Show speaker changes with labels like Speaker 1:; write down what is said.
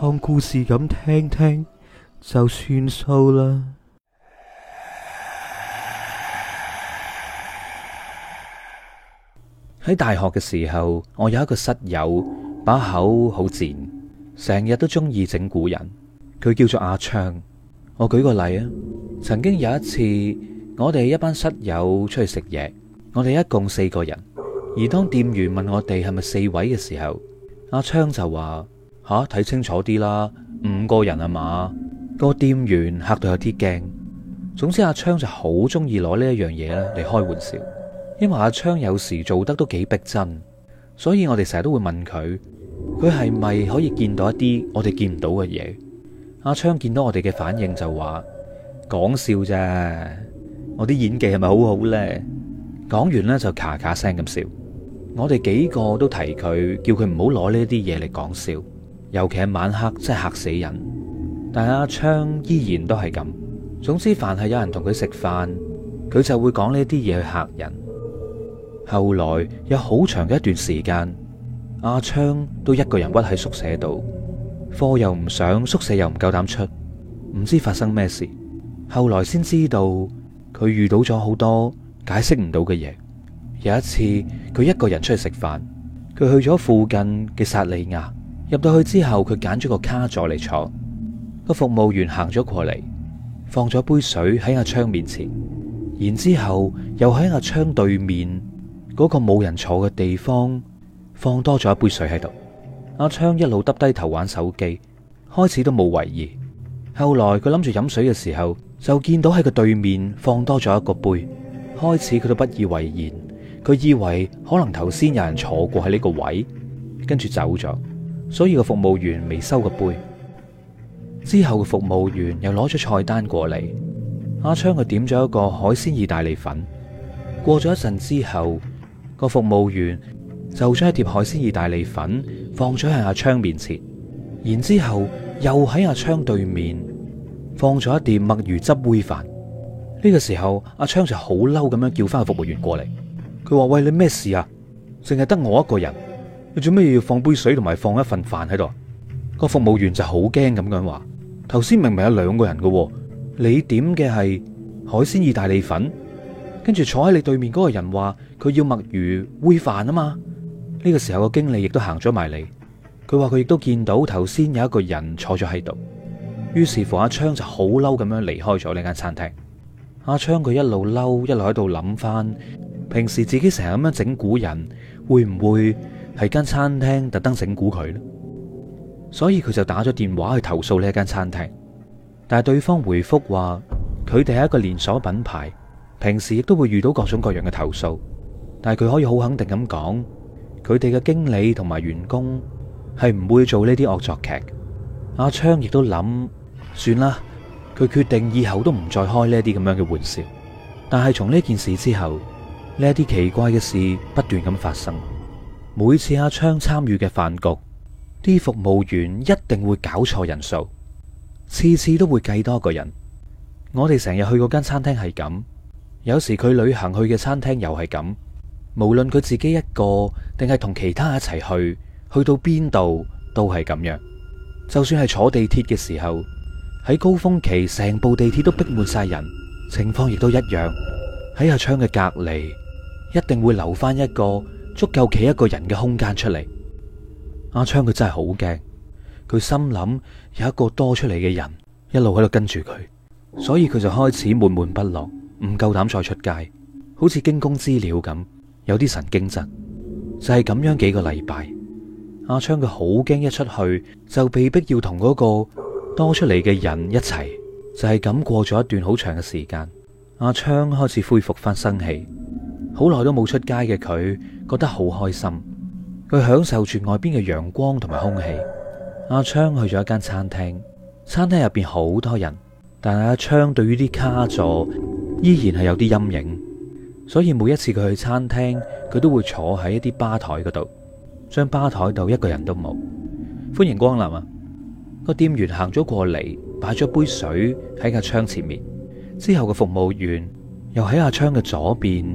Speaker 1: 當故事咁聽聽就算數啦。喺大學嘅時候，我有一個室友，把口好賤，成日都中意整蠱人。佢叫做阿昌。我舉個例啊，曾經有一次，我哋一班室友出去食嘢，我哋一共四個人。而當店員問我哋係咪四位嘅時候，阿昌就話：吓，睇、啊、清楚啲啦，五個人吖嘛？個店員嚇到有啲驚。總之阿昌就好中意攞呢一樣嘢咧嚟開玩笑，因為阿昌有時做得都幾逼真，所以我哋成日都會問佢，佢係咪可以見到一啲我哋見唔到嘅嘢？阿昌見到我哋嘅反應就話：「講笑啫，我啲演技係咪好好呢？」講完呢就咔咔聲咁笑。我哋幾個都提佢，叫佢唔好攞呢啲嘢嚟講笑。尤其係晚黑，真係嚇死人。但阿昌依然都係咁。總之，凡係有人同佢食飯，佢就會講呢啲嘢去嚇人。後來有好長嘅一段時間，阿昌都一個人屈喺宿舍度，課又唔上，宿舍又唔夠膽出，唔知發生咩事。後來先知道佢遇到咗好多解釋唔到嘅嘢。有一次，佢一個人出去食飯，佢去咗附近嘅薩利亞。入到去之後，佢揀咗個卡座嚟坐。個服務員行咗過嚟，放咗杯水喺阿昌面前，然之後又喺阿昌對面嗰個冇人坐嘅地方放多咗一杯水喺度。阿昌一路耷低頭玩手機，開始都冇懷疑。後來佢諗住飲水嘅時候，就見到喺佢對面放多咗一個杯。開始佢都不以為然，佢以為可能頭先有人坐過喺呢個位，跟住走咗。所以個服務員未收個杯，之後個服務員又攞咗菜單過嚟。阿昌就點咗一個海鮮意大利粉。過咗一陣之後，個服務員就將一碟海鮮意大利粉放咗喺阿昌面前，然之後又喺阿昌對面放咗一碟墨魚汁燴飯。呢、這個時候，阿昌就好嬲咁樣叫翻個服務員過嚟。佢話：喂，你咩事啊？淨係得我一個人。做咩要放杯水同埋放一份飯喺度？個服務員就好驚咁樣話：頭先明明有兩個人㗎，你點嘅係海鮮意大利粉，跟住坐喺你對面嗰個人話佢要墨魚燴飯啊嘛。呢個時候個經理亦都行咗埋嚟，佢話佢亦都見到頭先有一個人坐咗喺度。於是乎阿昌就好嬲咁樣離開咗呢間餐廳。阿昌佢一路嬲，一路喺度諗翻平時自己成日咁樣整蠱人，會唔會？係間餐廳特登整蠱佢，所以佢就打咗電話去投訴呢一間餐廳。但係對方回覆話，佢哋係一個連鎖品牌，平時亦都會遇到各種各樣嘅投訴。但係佢可以好肯定咁講，佢哋嘅經理同埋員工係唔會做呢啲惡作劇。阿昌亦都諗，算啦，佢決定以後都唔再開呢啲咁樣嘅玩笑。但係從呢件事之後，呢啲奇怪嘅事不斷咁發生。每次阿昌參與嘅飯局，啲服務員一定會搞錯人數，次次都會計多個人。我哋成日去嗰間餐廳係咁，有時佢旅行去嘅餐廳又係咁。無論佢自己一個定係同其他一齊去，去到邊度都係咁樣。就算係坐地鐵嘅時候，喺高峰期成部地鐵都逼滿晒人，情況亦都一樣。喺阿昌嘅隔離，一定會留返一個。足夠企一個人嘅空間出嚟，阿昌佢真係好驚，佢心諗，有一個多出嚟嘅人一路喺度跟住佢，所以佢就開始悶悶不樂，唔夠膽再出街，好似驚弓之鳥咁，有啲神經質。就係咁樣幾個禮拜，阿昌佢好驚一出去就被逼要同嗰個多出嚟嘅人一齊，就係咁過咗一段好長嘅時間。阿昌開始恢復翻生氣。好耐都冇出街嘅佢，覺得好開心。佢享受住外邊嘅陽光同埋空氣。阿昌去咗一間餐廳，餐廳入邊好多人，但係阿昌對於啲卡座依然係有啲陰影，所以每一次佢去餐廳，佢都會坐喺一啲吧台嗰度。將吧台度一個人都冇，歡迎光臨啊！個店員行咗過嚟，擺咗杯水喺阿昌前面。之後嘅服務員又喺阿昌嘅左邊。